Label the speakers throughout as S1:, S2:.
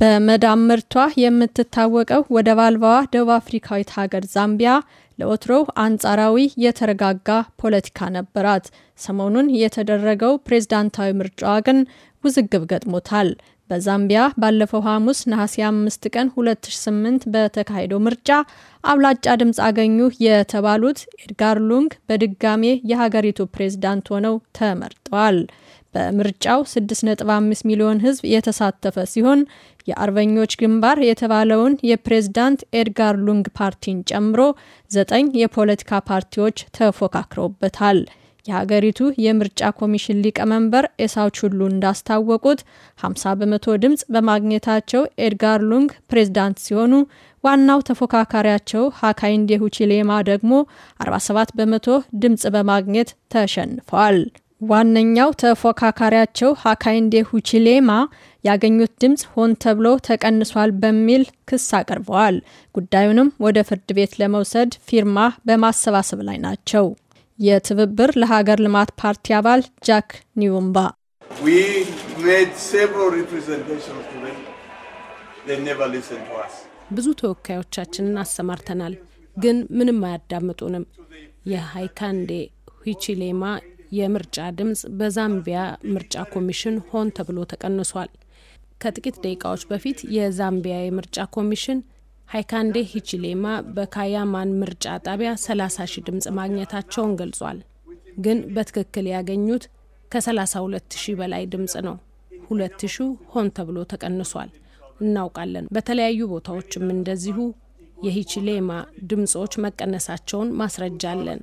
S1: በመዳብ ምርቷ የምትታወቀው ወደብ አልባዋ ደቡብ አፍሪካዊት ሀገር ዛምቢያ ለወትሮው አንጻራዊ የተረጋጋ ፖለቲካ ነበራት። ሰሞኑን የተደረገው ፕሬዝዳንታዊ ምርጫዋ ግን ውዝግብ ገጥሞታል። በዛምቢያ ባለፈው ሐሙስ ነሐሴ 5 ቀን 2008 በተካሄደው ምርጫ አብላጫ ድምፅ አገኙ የተባሉት ኤድጋር ሉንግ በድጋሜ የሀገሪቱ ፕሬዝዳንት ሆነው ተመርጠዋል። በምርጫው 6.5 ሚሊዮን ህዝብ የተሳተፈ ሲሆን የአርበኞች ግንባር የተባለውን የፕሬዝዳንት ኤድጋር ሉንግ ፓርቲን ጨምሮ ዘጠኝ የፖለቲካ ፓርቲዎች ተፎካክረውበታል። የሀገሪቱ የምርጫ ኮሚሽን ሊቀመንበር ኤሳው ቹሉ እንዳስታወቁት 50 በመቶ ድምፅ በማግኘታቸው ኤድጋር ሉንግ ፕሬዝዳንት ሲሆኑ ዋናው ተፎካካሪያቸው ሃካይንዴ ሁቺሌማ ደግሞ 47 በመቶ ድምፅ በማግኘት ተሸንፈዋል። ዋነኛው ተፎካካሪያቸው ሀካይንዴ ሁቺሌማ ያገኙት ድምፅ ሆን ተብሎ ተቀንሷል በሚል ክስ አቅርበዋል። ጉዳዩንም ወደ ፍርድ ቤት ለመውሰድ ፊርማ በማሰባሰብ ላይ ናቸው። የትብብር ለሀገር ልማት ፓርቲ አባል
S2: ጃክ ኒውምባ ብዙ ተወካዮቻችንን አሰማርተናል፣ ግን ምንም አያዳምጡንም። የሀይካንዴ ሂቺሌማ የምርጫ ድምፅ በዛምቢያ ምርጫ ኮሚሽን ሆን ተብሎ ተቀንሷል። ከጥቂት ደቂቃዎች በፊት የዛምቢያ የምርጫ ኮሚሽን ሃይካንዴ ሂቺሌማ በካያማን ምርጫ ጣቢያ 30 ሺህ ድምፅ ማግኘታቸውን ገልጿል። ግን በትክክል ያገኙት ከ32 ሺህ በላይ ድምፅ ነው። ሁለት 2ሺ ሆን ተብሎ ተቀንሷል። እናውቃለን። በተለያዩ ቦታዎችም እንደዚሁ የሂቺሌማ ድምፆች መቀነሳቸውን ማስረጃ አለን።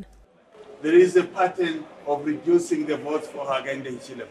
S3: there is a pattern of reducing the votes for Haganda in Chile.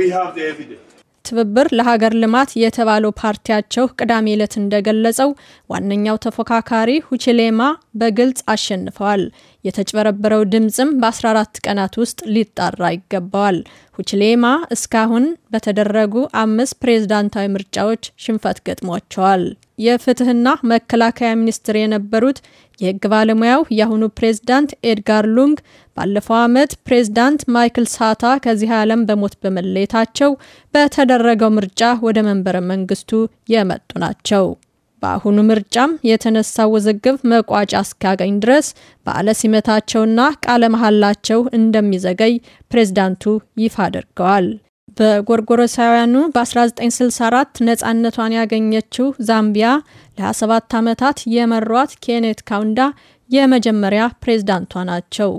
S3: We have the evidence.
S1: ትብብር ለሀገር ልማት የተባለው ፓርቲያቸው ቅዳሜ ዕለት እንደገለጸው ዋነኛው ተፎካካሪ ሁቺሌማ በግልጽ አሸንፈዋል። የተጭበረበረው ድምፅም በ14 ቀናት ውስጥ ሊጣራ ይገባዋል። ሁቺሌማ እስካሁን በተደረጉ አምስት ፕሬዝዳንታዊ ምርጫዎች ሽንፈት ገጥሟቸዋል። የፍትህና መከላከያ ሚኒስትር የነበሩት የህግ ባለሙያው የአሁኑ ፕሬዝዳንት ኤድጋር ሉንግ ባለፈው ዓመት ፕሬዝዳንት ማይክል ሳታ ከዚህ ዓለም በሞት በመለየታቸው በተደረገው ምርጫ ወደ መንበረ መንግስቱ የመጡ ናቸው። በአሁኑ ምርጫም የተነሳው ውዝግብ መቋጫ እስኪያገኝ ድረስ በዓለ ሲመታቸውና ቃለ መሐላቸው እንደሚዘገይ ፕሬዝዳንቱ ይፋ አድርገዋል። በጎርጎረሳውያኑ በ1964 ነፃነቷን ያገኘችው ዛምቢያ ለ27 ዓመታት የመሯት ኬኔት ካውንዳ የመጀመሪያ ፕሬዝዳንቷ ናቸው።